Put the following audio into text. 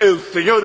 el Señor